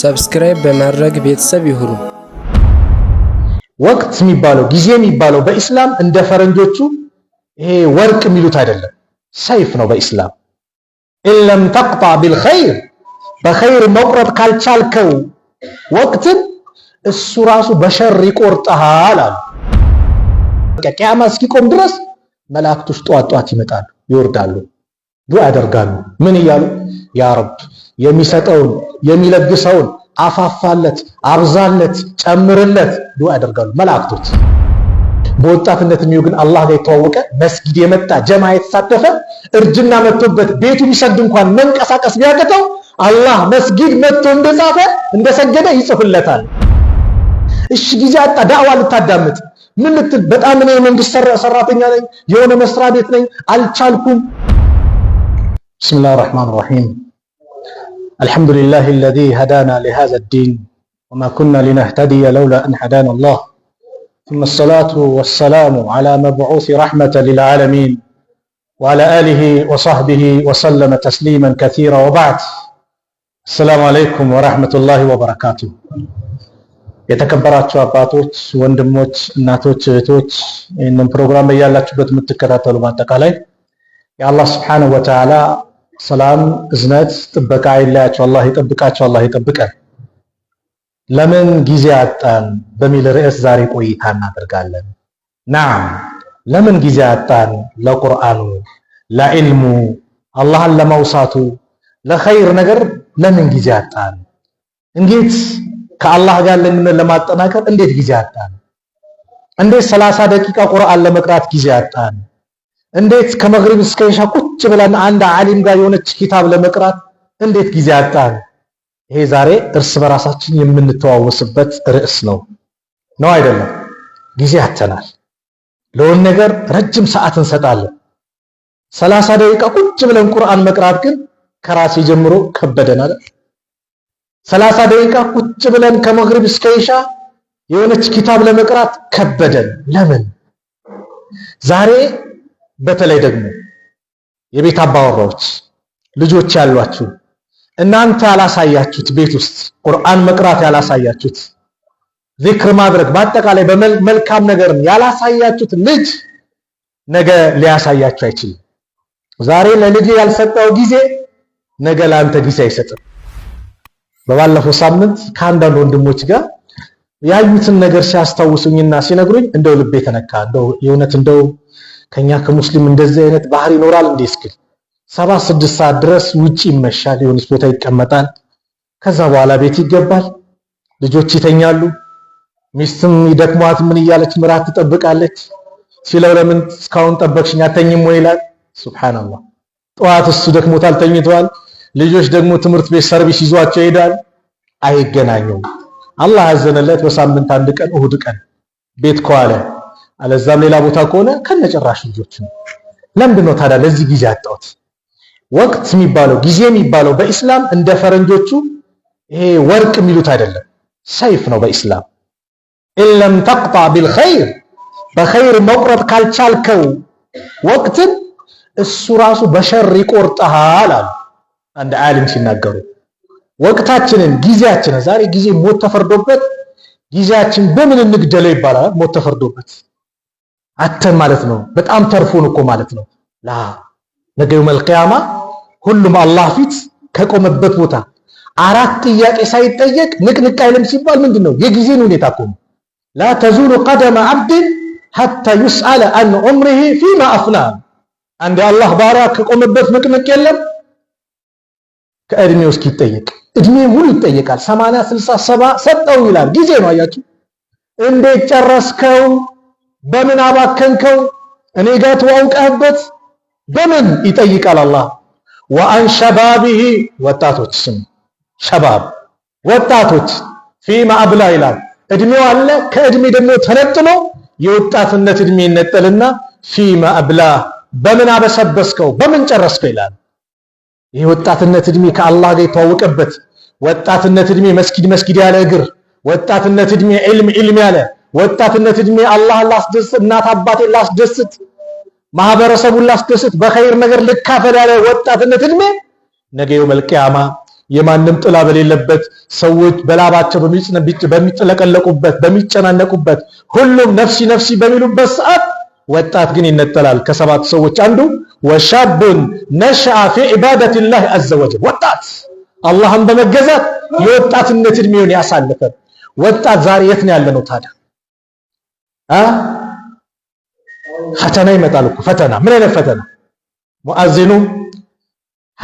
ሰብስክራይብ በማድረግ ቤተሰብ ይሁኑ። ወቅት የሚባለው ጊዜ የሚባለው በኢስላም እንደ ፈረንጆቹ ይሄ ወርቅ የሚሉት አይደለም፣ ሰይፍ ነው በኢስላም ኢለም ተቅጣ ቢልኸይር በኸይር መቁረጥ ካልቻልከው ወቅትን እሱ ራሱ በሸር ይቆርጠሃል አሉ። ቅያማ እስኪቆም ድረስ መላእክቶች ጧት ጧት ይመጣሉ፣ ይወርዳሉ፣ ዱ ያደርጋሉ። ምን እያሉ ያ ረብ የሚሰጠውን የሚለግሰውን አፋፋለት፣ አብዛለት፣ ጨምርለት ዱ ያደርጋሉ መላእክቶች። በወጣትነት የሚው ግን አላህ ጋር የተዋወቀ መስጊድ የመጣ ጀማ የተሳተፈ እርጅና መጥቶበት ቤቱ ቢሰግድ እንኳን መንቀሳቀስ ቢያቅተው አላህ መስጊድ መጥቶ እንደጻፈ እንደሰገደ ይጽፍለታል። እሺ ጊዜ አጣ ዳዕዋ ልታዳምጥ ምን ልትል በጣም እኔ የመንግስት ሰራተኛ ነኝ የሆነ መስሪያ ቤት ነኝ አልቻልኩም بسم الله الرحمن الرحيم الحمد لله الذي هدانا لهذا الدين وما كنا لنهتدي لولا أن هدانا الله ثم الصلاة والسلام على مبعوث رحمة للعالمين وعلى آله وصحبه وسلم تسليما كثيرا وبعد السلام عليكم ورحمة الله وبركاته የተከበራቸው አባቶች፣ ወንድሞች፣ እናቶች፣ እህቶች ይህንን ፕሮግራም እያላችሁበት የምትከታተሉ በአጠቃላይ የአላህ ስብሓነሁ ወተዓላ ሰላም፣ እዝነት፣ ጥበቃ አይለያቸው። አላህ ይጠብቃቸው፣ አላህ ይጠብቀን። ለምን ጊዜ አጣን በሚል ርዕስ ዛሬ ቆይታ እናደርጋለን። ናም ለምን ጊዜ አጣን ለቁርአኑ፣ ለዕልሙ፣ አላህን ለማውሳቱ፣ ለኸይር ነገር ለምን ጊዜ አጣን እንዴት ከአላህ ጋር ለማጠናከር እንዴት ጊዜ አጣን? እንዴት ሰላሳ ደቂቃ ቁርአን ለመቅራት ጊዜ አጣን? እንዴት ከመግሪብ እስከ ኢሻ ቁጭ ብለን አንድ ዓሊም ጋር የሆነች ኪታብ ለመቅራት እንዴት ጊዜ አጣን? ይሄ ዛሬ እርስ በራሳችን የምንተዋወስበት ርዕስ ነው ነው አይደለም? ጊዜ አተናል። ለሆን ነገር ረጅም ሰዓት እንሰጣለን። ሰላሳ ደቂቃ ቁጭ ብለን ቁርአን መቅራት ግን ከራሴ ጀምሮ ከበደን አይደል? ሰላሳ ደቂቃ ቁጭ ብለን ከመግሪብ እስከ ኢሻ የሆነች ኪታብ ለመቅራት ከበደን። ለምን? ዛሬ በተለይ ደግሞ የቤት አባወራዎች ልጆች ያሏችሁ እናንተ ያላሳያችሁት ቤት ውስጥ ቁርአን መቅራት ያላሳያችሁት፣ ዚክር ማድረግ በአጠቃላይ በመልካም ነገርን ያላሳያችሁት ልጅ ነገ ሊያሳያችሁ አይችልም። ዛሬ ለልጅ ያልሰጠው ጊዜ ነገ ለአንተ ጊዜ አይሰጥም። በባለፈው ሳምንት ከአንዳንድ ወንድሞች ጋር ያዩትን ነገር ሲያስታውሱኝና ሲነግሩኝ እንደው ልቤ ተነካ። እንደው የእውነት እንደው ከኛ ከሙስሊም እንደዚህ አይነት ባህሪ ይኖራል እንዴ እስክል ሰባት ስድስት ሰዓት ድረስ ውጪ ይመሻል፣ የሆነች ቦታ ይቀመጣል። ከዛ በኋላ ቤት ይገባል፣ ልጆች ይተኛሉ፣ ሚስትም ይደክሟት ምን እያለች ምራት ትጠብቃለች። ሲለው ለምን እስካሁን ጠበቅሽኝ አተኝም ወይ ይላል። ሱብሃንአላህ ጠዋት እሱ ደክሞታል ተኝቷል። ልጆች ደግሞ ትምህርት ቤት ሰርቪስ ይዟቸው ይሄዳል፣ አይገናኙም። አላህ ያዘነለት በሳምንት አንድ ቀን እሁድ ቀን ቤት ከዋለ አለዛም ሌላ ቦታ ከሆነ ከነጭራሽ ልጆች ነው። ለምንድን ነው ታዲያ ለዚህ ጊዜ አጣሁት? ወቅት የሚባለው ጊዜ የሚባለው በኢስላም እንደ ፈረንጆቹ ይሄ ወርቅ የሚሉት አይደለም፣ ሰይፍ ነው በኢስላም ኢለም ተቅጣ ቢልኸይር በኸይር መቁረጥ ካልቻልከው ወቅትን እሱ ራሱ በሸር ይቆርጠሃል አሉ። አንድ ዓሊም ሲናገሩ ወቅታችንን ጊዜያችንን ዛሬ ጊዜ ሞት ተፈርዶበት ጊዜያችን በምን እንግደለው ይባላል። ሞት ተፈርዶበት አተን ማለት ነው። በጣም ተርፎን እኮ ማለት ነው። ላ ነገ የውመል ቂያማ ሁሉም አላህ ፊት ከቆመበት ቦታ አራት ጥያቄ ሳይጠየቅ ንቅንቅ አይልም ሲባል ምንድን ነው የጊዜን ሁኔታ እኮ ነው። ላ ተዙሉ ቀደመ አብድን ሐታ ዩስአለ አን ዑምሪሂ ፊማ አፍና አንድ አላህ ባሪያ ከቆመበት ንቅንቅ የለም ከእድሜው እስኪጠየቅ እድሜ ሁሉ ይጠየቃል። 80 60 70 ሰጠው ይላል። ጊዜ ነው አያችሁ። እንዴት ጨረስከው? በምን አባከንከው? እኔ ጋር ተዋውቀህበት በምን ይጠይቃል አላህ። ወአን ሸባቢሂ ወጣቶች ስም ሸባብ ወጣቶች ፊማ አብላ ይላል። እድሜው አለ። ከእድሜ ደግሞ ተነጥሎ የወጣትነት እድሜ ይነጠልና ፊማ አብላ በምን አበሰበስከው፣ በምን ጨረስከው ይላል። ይህ ወጣትነት እድሜ ከአላህ ጋር የተዋወቀበት ወጣትነት እድሜ መስጊድ መስጊድ ያለ እግር ወጣትነት እድሜ ዒልም ዒልም ያለ ወጣትነት እድሜ አላህ ላስደስት፣ እናት አባቴ ላስደስት፣ ማህበረሰቡን ላስደስት፣ በኸይር ነገር ልካፈል ያለ ወጣትነት እድሜ ነገ የውመል ቂያማ የማንም ጥላ በሌለበት ሰዎች በላባቸው በሚጥለቀለቁበት በሚጨናነቁበት ሁሉም ነፍሲ ነፍሲ በሚሉበት ሰዓት ወጣት ግን ይነጠላል ከሰባት ሰዎች አንዱ። ወሻቡን ነሽአ ፊ ዒባደቲላህ አዘወጀል ወጣት አላህን በመገዛት የወጣትነት እድሜውን ያሳለፈ ወጣት ዛሬ የት ነው ያለ ነው ታዲያ? ፈተና ይመጣል እኮ ፈተና። ምን አይነት ፈተና? ሙአዚኑ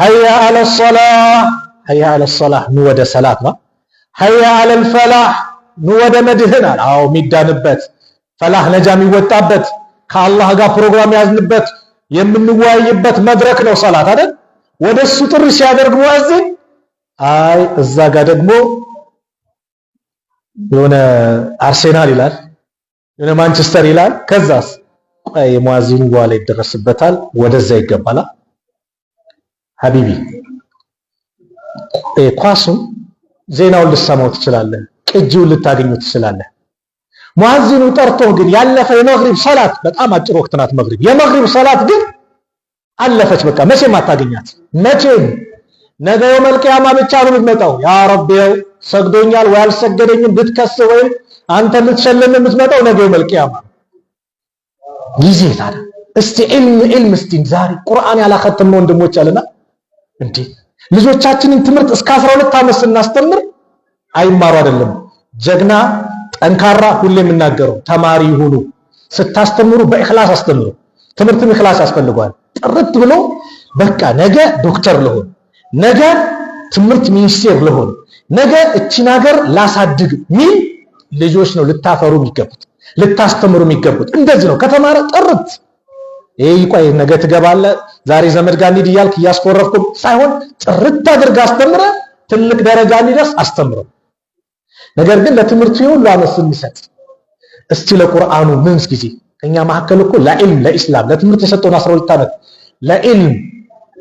ሀያ አለ ሀያ አለ ኑ ወደ ሰላት ነው። ሀያ አለል ኑ ወደ መድህን አዎ የሚዳንበት ፈላህ ነጃ የሚወጣበት ከአላህ ጋር ፕሮግራም ያዝንበት የምንወያይበት መድረክ ነው ሰላት አይደል? ወደሱ ጥሪ ሲያደርግ ሙአዚን አይ እዛ ጋር ደግሞ የሆነ አርሴናል ይላል፣ የሆነ ማንቸስተር ይላል። ከዛስ ቆይ ሙአዚኑ በኋላ ይደረስበታል፣ ወደዛ ይገባል። ሀቢቢ ኳሱም ዜናውን ልሰማው ትችላለህ፣ ቅጂውን ልታገኙ ትችላለህ። ሙአዚኑ ጠርቶ ግን ያለፈ የመግሪብ ሰላት በጣም አጭር ወቅት ናት። መግሪብ የመግሪብ ሰላት ግን አለፈች። በቃ መቼም አታገኛት። መቼም ነገ የውመል ቂያማ ብቻ ነው የምትመጣው። ያ ረቢው ሰግዶኛል ወይ አልሰገደኝም ብትከስ ወይም አንተ ልትሸለም የምትመጣው ነገ የውመል ቂያማ ጊዜ ታዲያ እስቲ ዒልም ዒልም እስቲ ዛሬ ቁርአን ያላከተምን ወንድሞች አለና እንዴ ልጆቻችንን ትምህርት እስከ 12 ዓመት ስናስተምር አይማሩ አይደለም ጀግና ጠንካራ ሁሌ የምናገረው ተማሪ ይሁኑ። ስታስተምሩ በእክላስ አስተምሩ። ትምህርትም እክላስ ያስፈልገዋል። ጥርት ብሎ በቃ ነገ ዶክተር ልሆን፣ ነገ ትምህርት ሚኒስቴር ልሆን፣ ነገ እቺን ሀገር ላሳድግ ሚል ልጆች ነው ልታፈሩ የሚገቡት ልታስተምሩ የሚገቡት። እንደዚህ ነው ከተማረ ጥርት ይህ ቆይ ነገ ትገባለ ዛሬ ዘመድ ጋር እንሂድ እያልክ እያስኮረፍኩም ሳይሆን ጥርት አድርገህ አስተምረ ትልቅ ደረጃ እንዲደርስ አስተምረው። ነገር ግን ለትምህርቱ ሁሉ አነስ የሚሰጥ እስቲ ለቁርአኑ ምንስ ጊዜ ከኛ መካከል እኮ ለዕልም ለኢስላም ለትምህርት የሰጠውን 12 ዓመት ለዕልም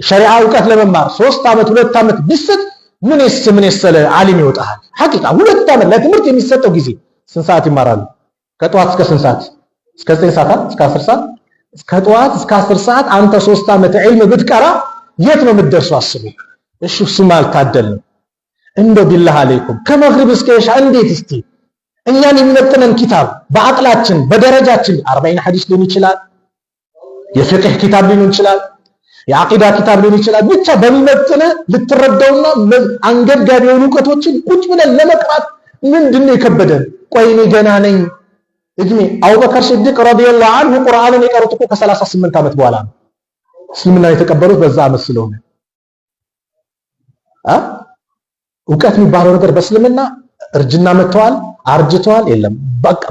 ሸሪዓ እውቀት ለመማር ሶስት ዓመት ሁለት ዓመት ቢሰጥ ምንስ ምን የሰለ ዓሊም ይወጣል። ሐቂቃ ሁለት ዓመት ለትምህርት የሚሰጠው ጊዜ ስንት ሰዓት ይማራሉ? ከጠዋት እስከ ስንት ሰዓት? እስከ 9 ሰዓት፣ እስከ 10 ሰዓት፣ ከጠዋት እስከ 10 ሰዓት አንተ ሶስት ዓመት ዕልም ብትቀራ የት ነው የምትደርሱ? አስቡ። እሺ እሱም አልታደልንም። እንደው ቢላህ አለይኩም ከመግሪብ እስከ ኢሻ እንዴት እስቲ እኛን የሚመጥነን ኪታብ በአቅላችን በደረጃችን አርባዒን ሐዲስ ሊሆን ይችላል፣ የፍቅህ ኪታብ ሊሆን ይችላል፣ የአቂዳ ኪታብ ሊሆን ይችላል። ብቻ በሚመጥነ ልትረዳውና አንገብጋቢ የሆኑ እውቀቶችን ቁጭ ብለን ለመቅራት ምንድነው የከበደን? ቆይ እኔ ገና ነኝ እድሜ። አቡበከር ሲዲቅ ረዲየላሁ አንሁ ቁርአንን የቀሩት እኮ ከ38 ዓመት በኋላ ነው። እስልምና የተቀበሉት በዛ ዓመት ስለሆነ እውቀት የሚባለው ነገር በእስልምና እርጅና መጥተዋል፣ አርጅተዋል፣ የለም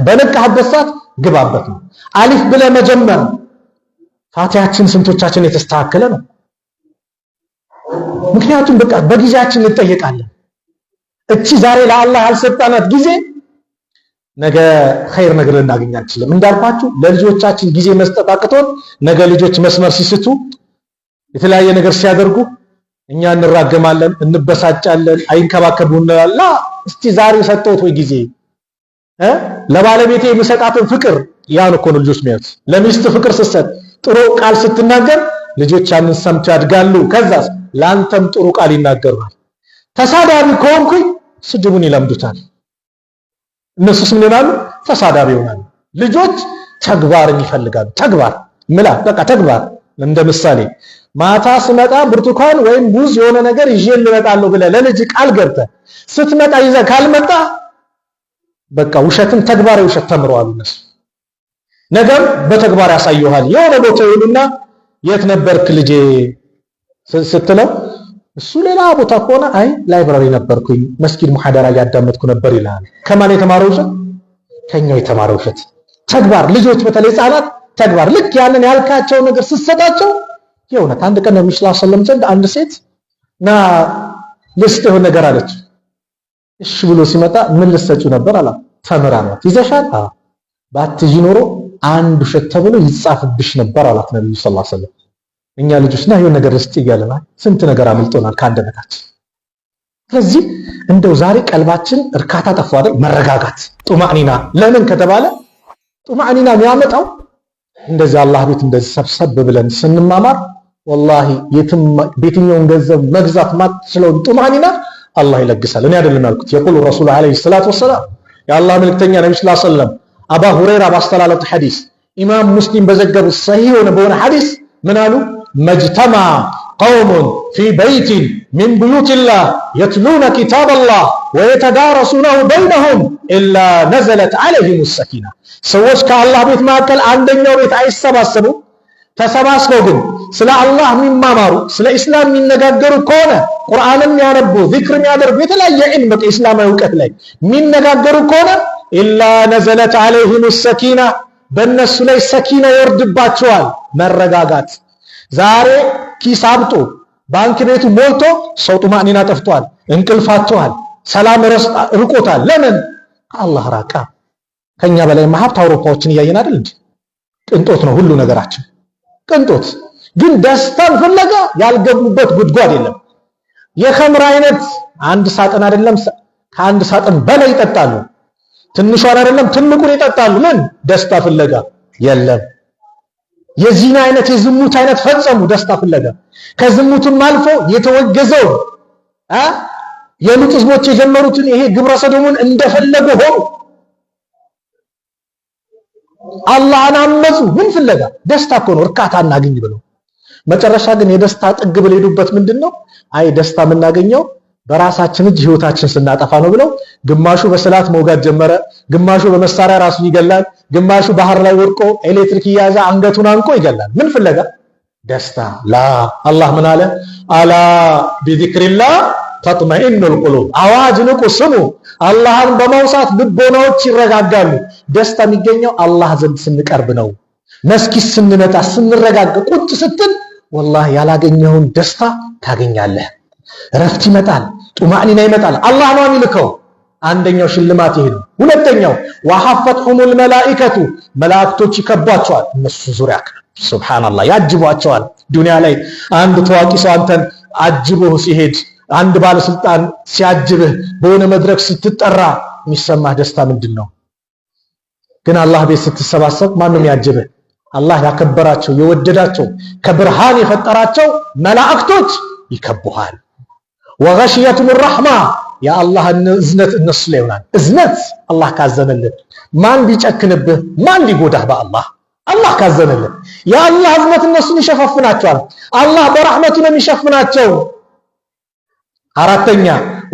በነቃህበት ሰዓት ግባበት ነው። አሊፍ ብለ መጀመር ፋቲያችን ስንቶቻችን የተስተካከለ ነው? ምክንያቱም በቃ በጊዜያችን እንጠየቃለን። እቺ ዛሬ ለአላህ ያልሰጣናት ጊዜ ነገ ኸይር ነገር ልናገኝ አንችልም። እንዳልኳችሁ ለልጆቻችን ጊዜ መስጠት አቅቶን ነገ ልጆች መስመር ሲስቱ የተለያየ ነገር ሲያደርጉ እኛ እንራገማለን፣ እንበሳጫለን፣ አይንከባከቡ እንላላ። እስቲ ዛሬ ሰጠሁት ወይ ጊዜ ለባለቤቴ የምሰጣትን ፍቅር ያን እኮ ነው ልጆች የሚያዩት። ለሚስት ፍቅር ስትሰጥ፣ ጥሩ ቃል ስትናገር ልጆች ያንን ሰምተው ያድጋሉ። ከዛስ ለአንተም ጥሩ ቃል ይናገሩሃል። ተሳዳቢ ከሆንኩኝ ስድቡን ይለምዱታል። እነሱስ ምን ይላሉ? ተሳዳቢ ይሆናሉ። ልጆች ተግባርን ይፈልጋሉ። ተግባር ምላ በቃ ተግባር እንደ ምሳሌ ማታ ስመጣ ብርቱካን ወይም ሙዝ የሆነ ነገር ይዤ እመጣለሁ ብለህ ለልጅ ቃል ገብተህ ስትመጣ ይዘህ ካልመጣ በቃ ውሸትም ተግባራዊ ውሸት ተምረዋል እነሱ። ነገም በተግባር ያሳየዋል። የሆነ ቦታ ይሉና የት ነበርክ ልጄ ስትለው እሱ ሌላ ቦታ ከሆነ አይ ላይብራሪ ነበርኩኝ መስጊድ ሙሐደራ እያዳመጥኩ ነበር ይላል። ከማን የተማረ ውሸት? ከኛ የተማረ ውሸት። ተግባር ልጆች፣ በተለይ ህጻናት ተግባር ልክ ያንን ያልካቸው ነገር ስትሰጣቸው የእውነት አንድ ቀን ነብዩ ሰለላሁ ዐለይሂ ወሰለም ዘንድ አንድ ሴት ና ልስጥህ ነገር አለች። እሺ ብሎ ሲመጣ ምን ልትሰጪው ነበር አላት። ተምራ ነው ይዘሻል። አ ባትይዥ ኖሮ አንድ ውሸት ተብሎ ይጻፍብሽ ነበር አላት ነብዩ ሰለላሁ ዐለይሂ ወሰለም። እኛ ልጆች ና ይሄን ነገር እስቲ እያለና ስንት ነገር አመልጦናል ከአንደበታችን። ስለዚህ እንደው ዛሬ ቀልባችን እርካታ ጠፋ አይደል? መረጋጋት ጡማዕኒና። ለምን ከተባለ ጡማዕኒና የሚያመጣው እንደዚህ አላህ ቤት እንደዚህ ሰብሰብ ብለን ስንማማር ወላሂ የትኛውን ገንዘብ መግዛት ማትችለውን ጡማኒና አላህ ይለግሳል። እኔ አይደለም ያልኩት፣ የቁሉ ረሱሉ ዓለይሂ ሰላቱ ወሰላም የአላህ መልክተኛ ነቢ ስ ሰለም አባ ሁረይራ ባስተላለፉት ሐዲስ፣ ኢማም ሙስሊም በዘገቡት ሰሂህ የሆነ በሆነ ሐዲስ ምን አሉ? መጅተማ ቀውሙን ፊ በይቲን ሚን ብዩቲላህ የትሉነ ኪታበላህ ወየተዳረሱነሁ በይነሁም ኢላ ነዘለት ዓለይሂሙ ሰኪና። ሰዎች ከአላህ ቤት መካከል አንደኛው ቤት አይሰባሰቡም ተሰባስበው ግን ስለ አላህ የሚማማሩ ስለ ኢስላም የሚነጋገሩ ከሆነ ቁርአንም ያነቡ ዚክር የሚያደርጉ የተለያየ ዒልም ኢስላማዊ እውቀት ላይ የሚነጋገሩ ከሆነ ኢላ ነዘለት አለይሂም ሰኪና በእነሱ ላይ ሰኪና ይወርድባቸዋል፣ መረጋጋት። ዛሬ ኪስ ባንክ ቤቱ ሞልቶ ሰው ጡማኒና ጠፍቷል፣ እንቅልፋቷል ሰላም ርቆታል። ለምን አላህ ራቃ። ከኛ በላይ ሀብት አውሮፓዎችን እያየን አይደል? እንዴ ቅንጦት ነው ሁሉ ነገራችን። ቅንጦት ግን ደስታን ፍለጋ ያልገቡበት ጉድጓድ የለም። የከምር አይነት አንድ ሳጥን አይደለም ከአንድ ሳጥን በላይ ይጠጣሉ። ትንሿን አይደለም ትልቁን ይጠጣሉ። ምን ደስታ ፍለጋ የለም። የዚህን አይነት የዝሙት አይነት ፈጸሙ ደስታ ፍለጋ። ከዝሙትም አልፎ የተወገዘው የሉጥ ህዝቦች የጀመሩትን ይሄ ግብረ ሰዶሙን እንደፈለጉ ሆኑ። አላህን አመፁ። ምን ፍለጋ? ደስታ እኮ ነው፣ እርካታ እናገኝ ብለው። መጨረሻ ግን የደስታ ጥግ ብለው ሄዱበት። ምንድን ነው አይ ደስታ የምናገኘው በራሳችን እጅ ህይወታችን ስናጠፋ ነው ብለው፣ ግማሹ በስላት መውጋት ጀመረ፣ ግማሹ በመሳሪያ ራሱን ይገላል፣ ግማሹ ባህር ላይ ወድቆ ኤሌክትሪክ እያያዘ አንገቱን አንቆ ይገላል። ምን ፍለጋ? ደስታ ላ። አላህ ምን አለ? አላ ቢዚክሪላህ ተጥመኢኑል ቁሉብ አዋጅ ንቁ ስሙ። አላህን በመውሳት ልቦናዎች ይረጋጋሉ። ደስታ የሚገኘው አላህ ዘንድ ስንቀርብ ነው። መስጊድ ስንመጣ፣ ስንረጋጋ፣ ቁጭ ስትል ወላሂ ያላገኘውን ደስታ ታገኛለህ። እረፍት ይመጣል፣ ጡማዕኒና ይመጣል። አላህ ነው የሚልከው። አንደኛው ሽልማት ይሄ ነው። ሁለተኛው ወሐፈትሁሙል መላኢከቱ መላእክቶች ይከቧቸዋል እነሱ ዙሪያ ሱብሃንአላህ ያጅቧቸዋል። ዱንያ ላይ አንድ ታዋቂ ሰው አንተን አጅቦ ሲሄድ አንድ ባለስልጣን ሲያጅብህ በሆነ መድረክ ስትጠራ የሚሰማህ ደስታ ምንድን ነው? ግን አላህ ቤት ስትሰባሰብ ማን ነው የሚያጅብህ? አላህ ያከበራቸው የወደዳቸው ከብርሃን የፈጠራቸው መላእክቶች ይከቡሃል። ወገሽየቱም ረሕማ የአላህ እዝነት እነሱ ላይ ይሆናል። እዝነት አላህ ካዘነልህ ማን ቢጨክንብህ፣ ማን ሊጎዳህ በአላህ አላህ ካዘነልህ የአላህ እዝነት እነሱን ይሸፋፍናቸዋል። አላህ በረሕመቱ ነው የሚሸፍናቸው። አራተኛ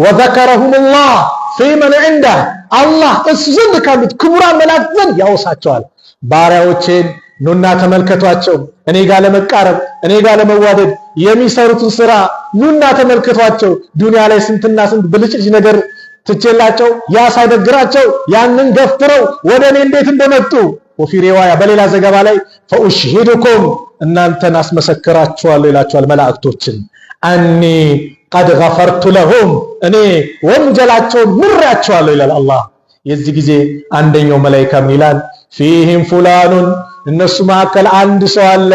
ወዘከረሁሙላህ ፊመን ዒንደህ አላህ እሱ ዘንድ ካሉት ክቡራን መላእክት ዘንድ ያወሳቸዋል። ባሪያዎቼን ኑና ተመልከቷቸው፣ እኔ ጋር ለመቃረብ እኔ ጋር ለመዋደድ የሚሰሩትን ስራ ኑና ተመልከቷቸው። ዱንያ ላይ ስንትና ስንት ብልጭልጭ ነገር ትቼላቸው ያ ያንን ገፍትረው ወደ እኔ እንዴት እንደመጡ ወፊ ሪዋያ በሌላ ዘገባ ላይ ፈኡሽሂዱኩም እናንተን አስመሰክራችኋለሁ ይላቸዋል መላእክቶችን አኒ ቀድ ገፈርቱ ለሁም እኔ ወንጀላቸውን ምሬያቸዋለሁ ይላል አላህ። የዚህ ጊዜ አንደኛው መላይካ ሚላን ፊህም ፉላኑን እነሱ መካከል አንድ ሰው አለ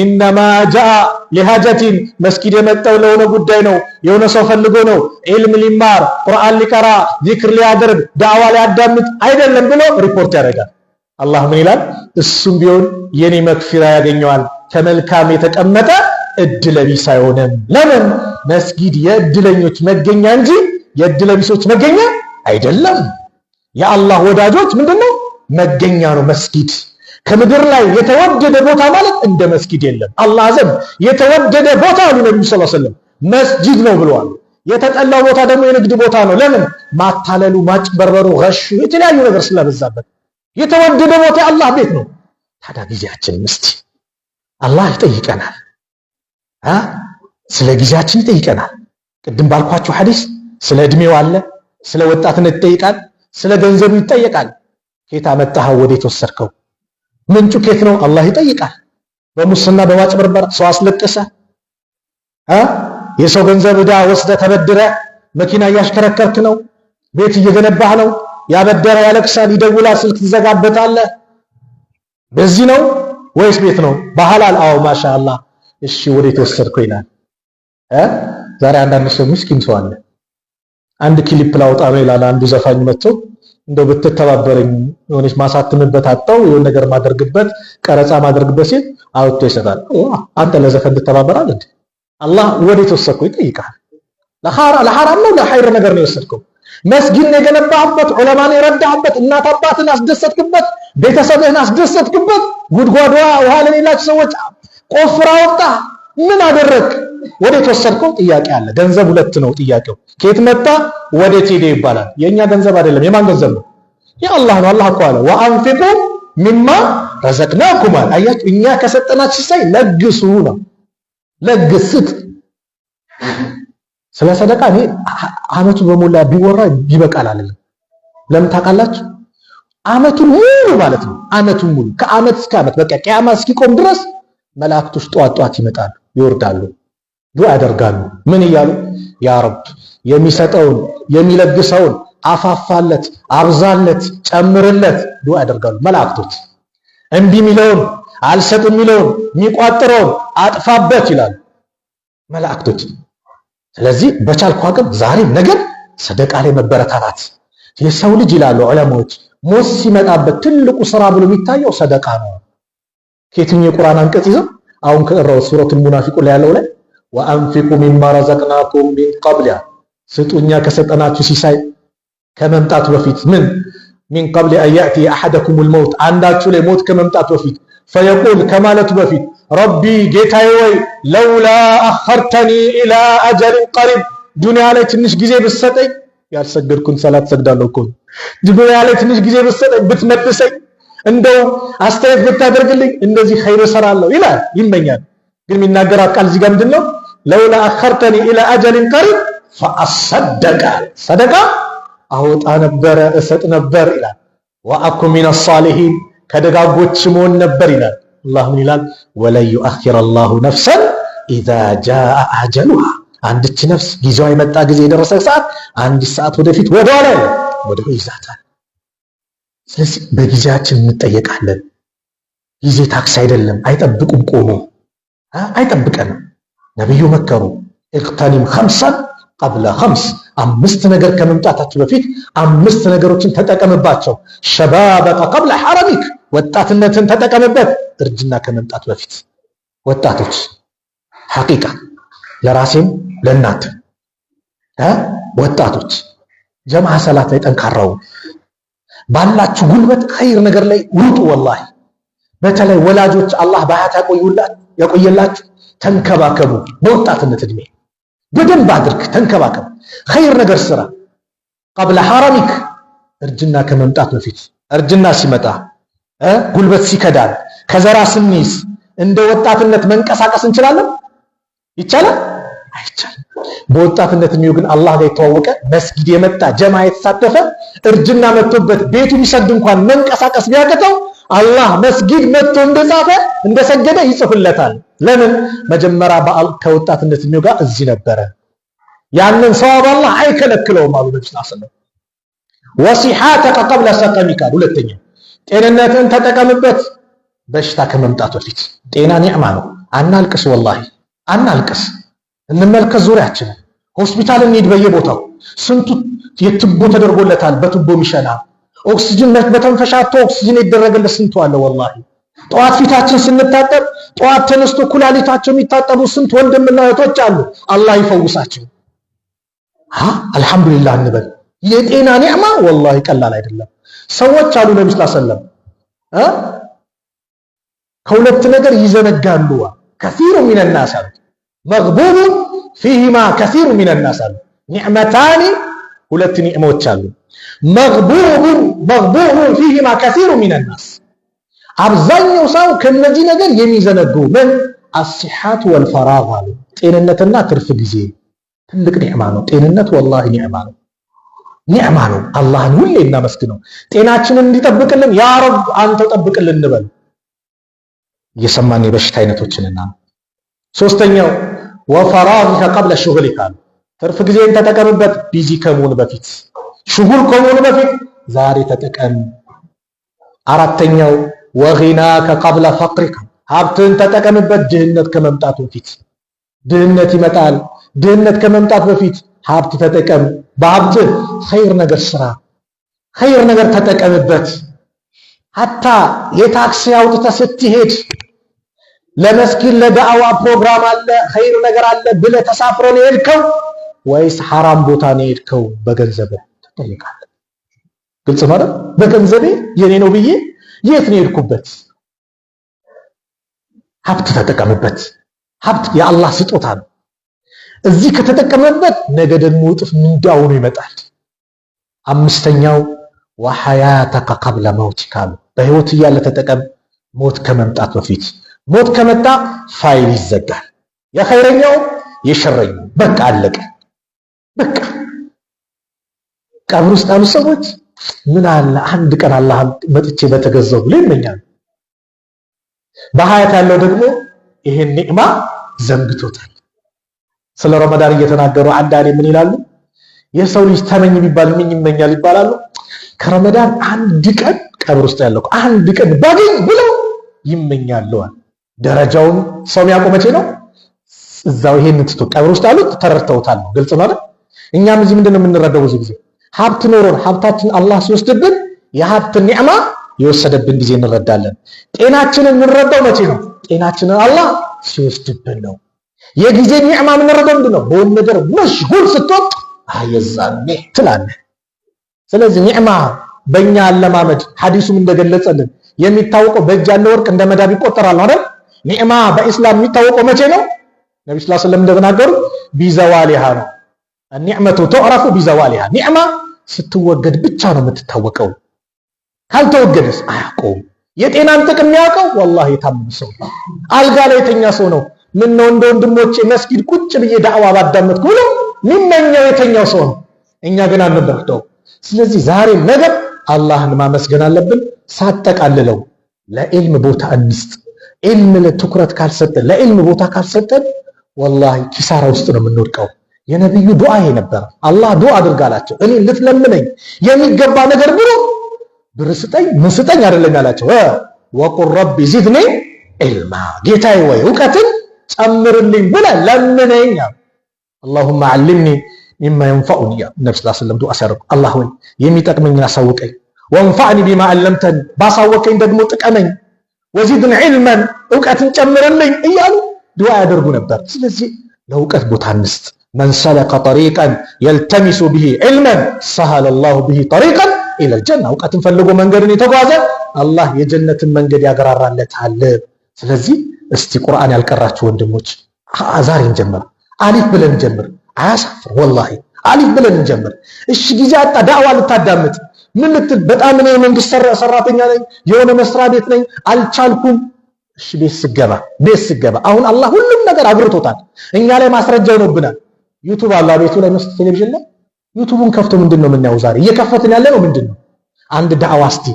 ኢነማ ጃአ ሊሃጀቲን መስጊድ የመጣው ለሆነ ጉዳይ ነው። የሆነ ሰው ፈልጎ ነው። ኢልም ሊማር፣ ቁርአን ሊቀራ፣ ዚክር ሊያደርግ፣ ዳዕዋ ሊያዳምጥ አይደለም ብሎ ሪፖርት ያደርጋል። አላህ ምን ይላል? እሱም ቢሆን የኔ መክፊራ ያገኘዋል ከመልካም የተቀመጠ እድለቢስ አይሆንም። ለምን መስጊድ የእድለኞች መገኛ እንጂ የእድለቢሶች መገኛ አይደለም። የአላህ ወዳጆች ምንድነው መገኛ ነው መስጊድ። ከምድር ላይ የተወደደ ቦታ ማለት እንደ መስጊድ የለም። አላህ ዘንድ የተወደደ ቦታ አሉ ነቢዩ ሰለላሁ ዐለይሂ ወሰለም መስጂድ ነው ብለዋል። የተጠላው ቦታ ደግሞ የንግድ ቦታ ነው። ለምን? ማታለሉ፣ ማጭበርበሩ፣ ገሹ የተለያዩ ነገር ስለበዛበት የተወደደ ቦታ የአላህ ቤት ነው። ታዲያ ጊዜያችን ምስቲ አላህ ይጠይቀናል። ስለ ጊዜያችን ይጠይቀናል። ቅድም ባልኳችሁ ሐዲስ ስለ እድሜው አለ፣ ስለ ወጣትነት ይጠይቃል፣ ስለ ገንዘቡ ይጠየቃል። ኬት አመጣኸው? ወዴት ወሰድከው? ምንጩ ኬት ነው? አላህ ይጠይቃል። በሙስና በማጭበርበር ሰው አስለቀሰ፣ የሰው ገንዘብ ዕዳ ወስደ ተበድረ፣ መኪና እያሽከረከርክ ነው፣ ቤት እየገነባህ ነው። ያበደረ ያለቅሳል፣ ይደውላል፣ ስልክ ትዘጋበታለህ። በዚህ ነው ወይስ ቤት ነው? በሐላል አዎ፣ ማሻአላህ። እሺ ወዴት ወሰድከው ይላል ዛሬ አንዳንድ ሰው ምስኪን ሰው አለ። አንድ ክሊፕ ላውጣ ነው ይላል። አንዱ ዘፋኝ መጥቶ እንደው ብትተባበረኝ የሆነች ማሳትምበት አጣው የሆነ ነገር ማደርግበት ቀረጻ ማደርግበት ሲል አውጥቶ ይሰጣል። አንተ ለዘፈን ትተባበራል እንዴ? አላህ ወዴት ወሰድከው ይጠይቃል። ለሐራም ነው ለሐይር ነገር ነው የወሰድከው። መስጊድን የገነባህበት፣ ዑለማን የረዳህበት፣ እናት አባትን አስደሰትክበት፣ ቤተሰብህን አስደሰትክበት፣ ጉድጓዷ ውሃ ለሌላቸው ሰዎች ቆፍራ ምን አደረግ ወዴት ወሰድከው ጥያቄ አለ። ገንዘብ ሁለት ነው ጥያቄው። ከየት መጣ ወዴት ሄደ ይባላል። የእኛ ገንዘብ አይደለም። የማን ገንዘብ ነው? የአላህ ነው። አላህ እኮ አለ ወአንፊቁ ሚማ ረዘቅናኩም አለ። አያችሁ እኛ ከሰጠናችሁ ሳይ ለግሱ ነው። ለግስት ስለ ሰደቃ እኔ አመቱ በሞላ ቢወራ ይበቃል አይደለም። ለምን ታውቃላችሁ? አመቱን ሙሉ ማለት ነው። አመቱን ሙሉ ከአመት እስከ አመት በቃ ቅያማ እስኪቆም ድረስ መላእክቶች ጠዋት ጠዋት ይመጣሉ። ይወርዳሉ፣ ዱዓ ያደርጋሉ። ምን እያሉ ያ ረብ የሚሰጠውን የሚለግሰውን አፋፋለት፣ አብዛለት፣ ጨምርለት ዱዓ ያደርጋሉ መላእክቶች። እምቢ የሚለውን አልሰጥ የሚለውን የሚቋጥረውን አጥፋበት ይላሉ መላእክቶች። ስለዚህ በቻልኩ አቅም ዛሬም ነገር ሰደቃ ላይ መበረታታት የሰው ልጅ ይላሉ ዑለማዎች ሞት ሲመጣበት ትልቁ ስራ ብሎ የሚታየው ሰደቃ ነው። ከየትኛው የቁርአን አንቀጽ ይዘው አሁን ከቀረው ሱረቱል ሙናፊቁን ላይ ያለው ላይ ወአንፊቁ ሚማ ረዘቅናኩም ሚን ቀብሊያ ስጡኛ ከሰጠናችሁ ሲሳይ ከመምጣቱ በፊት ምን ሚን ቀብል አን ያእቲ አሐደኩሙል መውት አንዳችሁ ላይ ሞት ከመምጣቱ በፊት ፈየቁል ከማለቱ በፊት ረቢ ጌታዬ ወይ ለውላ አኸርተኒ ኢላ አጀልን ቀሪብ ዱንያ ላይ ትንሽ ጊዜ ብትሰጠኝ ያልሰገድኩን ሰላት ሰግዳለሁ እኮ ዱንያ ላይ ትንሽ ጊዜ ብትሰጠኝ ብትመልሰኝ እንደው አስተያየት ብታደርግልኝ እንደዚህ ኸይር እሰራለሁ ይላል፣ ይመኛል። ግን የሚናገራት ቃል እዚህ ጋር ምንድን ነው? ለውላ አኸርተኒ ኢላ አጀልን ቀሪብ ፈአሰደቀ ሰደቃ አወጣ ነበረ እሰጥ ነበር ይላል። ወአኩን ሚነ ሳሊሒን ከደጋጎች መሆን ነበር ይላል። አላህ ምን ይላል? ወለን ዩአኺረ ነፍሰን ኢዛ ጃአ አጀሉሃ አንድች ነፍስ ጊዜዋ የመጣ ጊዜ የደረሰ ሰዓት አንዲት ሰዓት ወደፊት ወደኋላ ወደ ይዛታል ስለዚህ በጊዜያችን እንጠየቃለን። ጊዜ ታክሲ አይደለም፣ አይጠብቁም። ቆሞ አይጠብቀንም። ነቢዩ መከሩ እቅተኒም ከምሳን ቀብለ ከምስ፣ አምስት ነገር ከመምጣታችሁ በፊት አምስት ነገሮችን ተጠቀምባቸው። ሸባበቀ ቀብለ ሐረሚክ፣ ወጣትነትን ተጠቀምበት እርጅና ከመምጣት በፊት። ወጣቶች ሐቂቃ ለራሴም ለእናንተ ወጣቶች ጀማዓ ሰላት ላይ ጠንካራውን ባላችሁ ጉልበት ኸይር ነገር ላይ ውጡ። ወላሂ በተለይ ወላጆች አላህ በሀያት ያቆየላችሁ ተንከባከቡ። በወጣትነት እድሜ በደንብ አድርግ ተንከባከቡ። ኸይር ነገር ስራ ቀብለ ሐረሚክ እርጅና ከመምጣት በፊት እርጅና ሲመጣ ጉልበት ሲከዳል ከዘራ ስንይዝ እንደ ወጣትነት መንቀሳቀስ እንችላለን ይቻላል። አይቻልም። በወጣትነት እድሜው ግን አላህ ጋር የተዋወቀ መስጊድ የመጣ ጀማ የተሳተፈ እርጅና መጥቶበት ቤቱ ቢሰግድ እንኳን መንቀሳቀስ ቢያቅተው አላህ መስጊድ መጥቶ እንደጻፈ እንደሰገደ ይጽፍለታል። ለምን? መጀመሪያ ከወጣትነት እድሜው ጋር እዚህ ነበረ። ያንን ሰዋብ አላህ አይከለክለውም አሉ ነቢ ስ ስለም። ወሲሓተቀ ቀብለ ሰቀሚካ፣ ሁለተኛ ጤንነትን ተጠቀምበት በሽታ ከመምጣት በፊት ጤና ኒዕማ ነው። አናልቅስ፣ ወላሂ አናልቅስ እንመልከት ዙሪያችንን። ሆስፒታል እንሂድ በየቦታው ስንቱ የትቦ ተደርጎለታል፣ በትቦ ሚሸና ኦክሲጅን በተንፈሻ አጥቶ ኦክሲጅን ይደረገለት ስንቱ አለ። ወላሂ ጠዋት ፊታችን ስንታጠብ ጠዋት ተነስቶ ኩላሊታቸው የሚታጠቡ ስንት ወንድምና እህቶች አሉ። አላህ ይፈውሳቸው። አልሐምዱሊላህ እንበል። የጤና ኒዕማ ወላሂ ቀላል አይደለም። ሰዎች አሉ ነቢ ስላ ሰለም ከሁለት ነገር ይዘነጋሉ ከፊሩ ሚነናስ አሉት መግቡቡን ፊህማ ከሲሩ ሚነናስ አሉ። ኒዕመታኒ ሁለት ኒዕሞች አሉ። መግቡቡን ፊህማ ከሲሩ ሚነናስ አብዛኛው ሰው ከነዚህ ነገር የሚዘነገው ምን አስሐቱ ወልፈራግ አሉ። ጤንነትና ትርፍ ጊዜ ትልቅ ኒዕማ ነው። ጤንነት ወላሂ ኒዕማ ነው። ኒዕማ ነው። አላህን ሁሌ እናመስግነው። ጤናችንን እንዲጠብቅልን ያ ረብ አንተ ጠብቅልን እንበል። እየሰማን የበሽታ አይነቶችንና ሶስተኛው ወፈራሪከ ቀብለ ሹግሊካ ትርፍ ጊዜን ተጠቀምበት። ቢዚ ከመሆን በፊት ሽጉል ከመሆን በፊት ዛሬ ተጠቀም። አራተኛው ወጊናከ ቀብለ ፈቅሪካ ሀብትን ተጠቀምበት። ድህነት ከመምጣቱ በፊት ድህነት ይመጣል። ድህነት ከመምጣት በፊት ሀብት ተጠቀም። በሀብት ኸይር ነገር ስራ፣ ኸይር ነገር ተጠቀምበት። ሀታ የታክሲ አውጥተ ስትሄድ ለመስኪን ለዳዕዋ ፕሮግራም አለ ኸይር ነገር አለ ብለህ ተሳፍረህ ነው የሄድከው ወይስ ሐራም ቦታ ነው የሄድከው? በገንዘብ ትጠይቃለህ። ግልጽ ማለት በገንዘቤ የኔ ነው ብዬ የት ነው የሄድኩበት? ሀብት ተጠቀምበት። ሀብት የአላህ ስጦታ ነው። እዚህ ከተጠቀመበት ነገ ደግሞ እጥፍ እንዳውኑ ይመጣል። አምስተኛው ወሐያተከ ቀብለ መውቲካ በህይወት እያለ ተጠቀም ሞት ከመምጣት በፊት ሞት ከመጣ ፋይል ይዘጋል። የኸይረኛው የሸረኛው በቃ አለቀ። በቃ ቀብር ውስጥ ያሉ ሰዎች ምን አለ አንድ ቀን አላህ መጥቼ በተገዛው ብሎ ይመኛል። በሀያት ያለው ደግሞ ይሄን ኒዕማ ዘንግቶታል። ስለ ረመዳን እየተናገሩ አንዳንዴ ምን ይላሉ? የሰው ልጅ ተመኝ የሚባል ምን ይመኛል ይባላሉ። ከረመዳን አንድ ቀን ቀብር ውስጥ ያለው አንድ ቀን ባገኝ ብሎ ይመኛለዋል። ደረጃውን ሰው የሚያውቁ መቼ ነው? እዛው ይሄን ትቶ ቀብር ውስጥ አሉት ተረድተውታል። ነው ግልጽ ነው አይደል? እኛም እዚህ ምንድነው የምንረዳው? ብዙ ጊዜ ሀብት ኖሮን ሀብታችን አላህ ሲወስድብን የሀብት ኒዕማ የወሰደብን ጊዜ እንረዳለን። ጤናችንን የምንረዳው መቼ ነው? ጤናችንን አላህ ሲወስድብን ነው። የጊዜ ኒዕማ የምንረዳው ምንድን ነው? በሆን ነገር መሽጉል ስትወጥ የዛኔ ትላለህ። ስለዚህ ኒዕማ በእኛ አለማመድ ሀዲሱም እንደገለጸልን የሚታወቀው በእጅ ያለ ወርቅ እንደ መዳብ ይቆጠራል አይደል? ኒዕማ በኢስላም የሚታወቀው መቼ ነው? ነቢ ስ ስለም እንደተናገሩ ቢዘዋሊሃ ነው። ኒዕመቱ ተዕረፉ ቢዘዋሊሃ፣ ኒዕማ ስትወገድ ብቻ ነው የምትታወቀው። ካልተወገደስ አያውቀውም። የጤናን ጥቅም የሚያውቀው ወላሂ የታመመ ሰው አልጋ ላይ የተኛ ሰው ነው። ምነው እንደ ወንድሞቼ መስጊድ ቁጭ ብዬ ዳዕዋ ባዳመጥኩ ብሎ ሚመኛው የተኛው ሰው ነው። እኛ ግን አንበርተው። ስለዚህ ዛሬ ነገር አላህን ማመስገን አለብን። ሳጠቃልለው ለዕልም ቦታ እንስጥ። ኢልም ትኩረት ካልሰጠን ለኢልም ቦታ ካልሰጠን ወላሂ ኪሳራ ውስጥ ነው የምንወድቀው። የነቢዩ ዱዓ የነበረ አላህ ዱዓ አድርጋላቸው እኔ ልትለምነኝ የሚገባ ነገር ብሎ ብር ስጠኝ ምን ስጠኝ አይደለም ያላቸው፣ ወቁል ረቢ ዚድኒ ዒልማ ጌታዬ ወይ እውቀትን ጨምርልኝ ብለህ ለምነኝ። አላሁማ ዓልምኒ ሚማ የንፈዑኒ ነቢ ስ ስለም ዱዓ ሲያደርጉ አላህ ወይ የሚጠቅመኝን አሳውቀኝ፣ ወንፈዕኒ ቢማ አለምተን ባሳወቀኝ ደግሞ ጥቀመኝ። ወዚድን ዒልመን እውቀትን ጨምርልኝ እያሉ ድዋ ያደርጉ ነበር። ስለዚህ ለእውቀት ቦታ እንስጥ። መን ሰለከ ጠሪቀን የልተሚሱ ብሂ ዒልመን ሰሀለ ላሁ ብሂ ጠሪቀን ኢለል ጀና፣ እውቀትን ፈልጎ መንገድን የተጓዘ አላህ የጀነትን መንገድ ያገራራለታል። ስለዚህ እስቲ ቁርአን ያልቀራችሁ ወንድሞች ዛሬ እንጀምር፣ አሊፍ ብለን እንጀምር። አያሳፍር ወላሂ፣ አሊፍ ብለን እንጀምር። እሺ ጊዜ አጣ ዳዕዋ ልታዳምጥ ምን ልትል በጣም እኔ የመንግስት ሰራተኛ ነኝ፣ የሆነ መስሪያ ቤት ነኝ፣ አልቻልኩም። እሺ ቤት ስገባ ቤት ስገባ አሁን አላህ ሁሉም ነገር አብርቶታል። እኛ ላይ ማስረጃ ይኖብናል። ዩቱብ አላ ቤቱ ላይ መስት ቴሌቪዥን ላይ ዩቱቡን ከፍቶ ምንድነው የምናየው? ዛሬ እየከፈትን ያለ ነው ምንድነው? አንድ ዳዕዋ እስቲ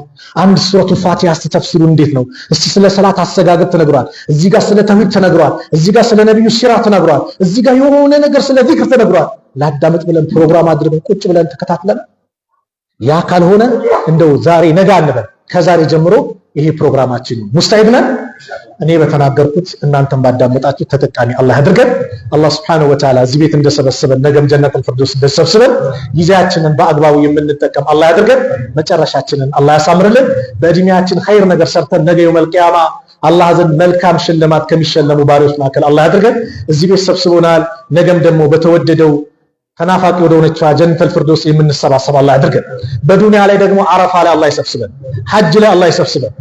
አንድ ሱረቱ ፋቲሃ እስቲ ተፍሲሩ እንዴት ነው? እስቲ ስለ ሰላት አሰጋገድ ተነግሯል፣ እዚህ ጋር ስለ ተውሂድ ተነግሯል፣ እዚህ ጋር ስለ ነብዩ ሲራ ተነግሯል፣ እዚህ ጋር የሆነ ነገር ስለ ዚክር ተነግሯል። ላዳመጥ ብለን ፕሮግራም አድርገን ቁጭ ብለን ተከታትለን ያ ካልሆነ እንደው ዛሬ ነገ አንበል። ከዛሬ ጀምሮ ይሄ ፕሮግራማችን ነው። ነን። እኔ በተናገርኩት እናንተም ባዳመጣችሁ ተጠቃሚ አላህ አድርገን። አላህ ሱብሓነሁ ወተዓላ እዚህ ቤት እንደሰበሰበን ነገም ጀነቱል ፊርደውስ እንደሰበስበን ጊዜያችንን በአግባቡ የምንጠቀም አላህ አድርገን። መጨረሻችንን አላህ ያሳምርልን። በእድሜያችን ኸይር ነገር ሰርተን ነገ የውመል ቂያማ አላህ ዘንድ መልካም ሽልማት ከሚሸለሙ ባሪዎች መካከል አላህ አድርገን። እዚህ ቤት ሰብስቦናል። ነገም ደግሞ በተወደደው ተናፋቂ ወደ ሆነችዋ ጀነተል ፍርዶስ የምንሰባሰብ አላህ ያድርገን። በዱንያ ላይ ደግሞ አረፋ ላይ አላህ ይሰብስበን፣ ሐጅ ላይ አላህ ይሰብስበን።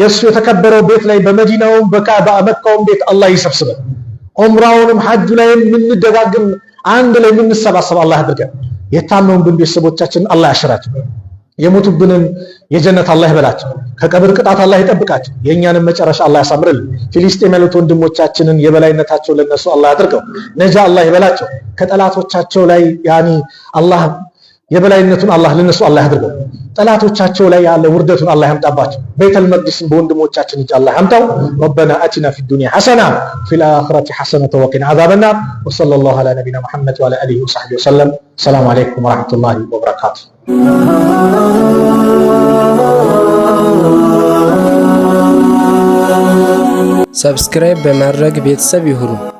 የእሱ የተከበረው ቤት ላይ በመዲናውም በመካውም ቤት አላህ ይሰብስበን። ዑምራውንም ሐጁ ላይ የምንደጋግም አንድ ላይ የምንሰባሰብ አላህ ያድርገን። የታመሙብን ቤተሰቦቻችንን አላህ ያሽራቸው። የሞቱብንን የጀነት አላህ ይበላቸው፣ ከቀብር ቅጣት አላህ ይጠብቃቸው፣ የእኛንም መጨረሻ አላህ ያሳምርልን። ፊሊስጤም ያሉት ወንድሞቻችንን የበላይነታቸው ለነሱ አላህ ያድርገው፣ ነጃ አላህ ይበላቸው፣ ከጠላቶቻቸው ላይ ያኒ አላህ የበላይነቱን አላህ ለነሱ አላህ አድርገው፣ ጠላቶቻቸው ላይ ያለ ውርደቱን አላህ ያምጣባቸው። ቤተል መቅዲስን በወንድሞቻችን እጅ አላህ ያምጣው። ረበና አቲና ፊ ዱንያ ሐሰና ፊል አኺረቲ ሐሰነተ ወቂና አዛበና። ወሰለላሁ ዐላ ነቢና ሙሐመድ ወዐላ አሊሂ ወሰሕቢሂ ወሰለም። ሰላም አለይኩም ወረሕመቱላሂ ወበረካቱ። ሰብስክራይብ በማድረግ ቤተሰብ ይሁኑ።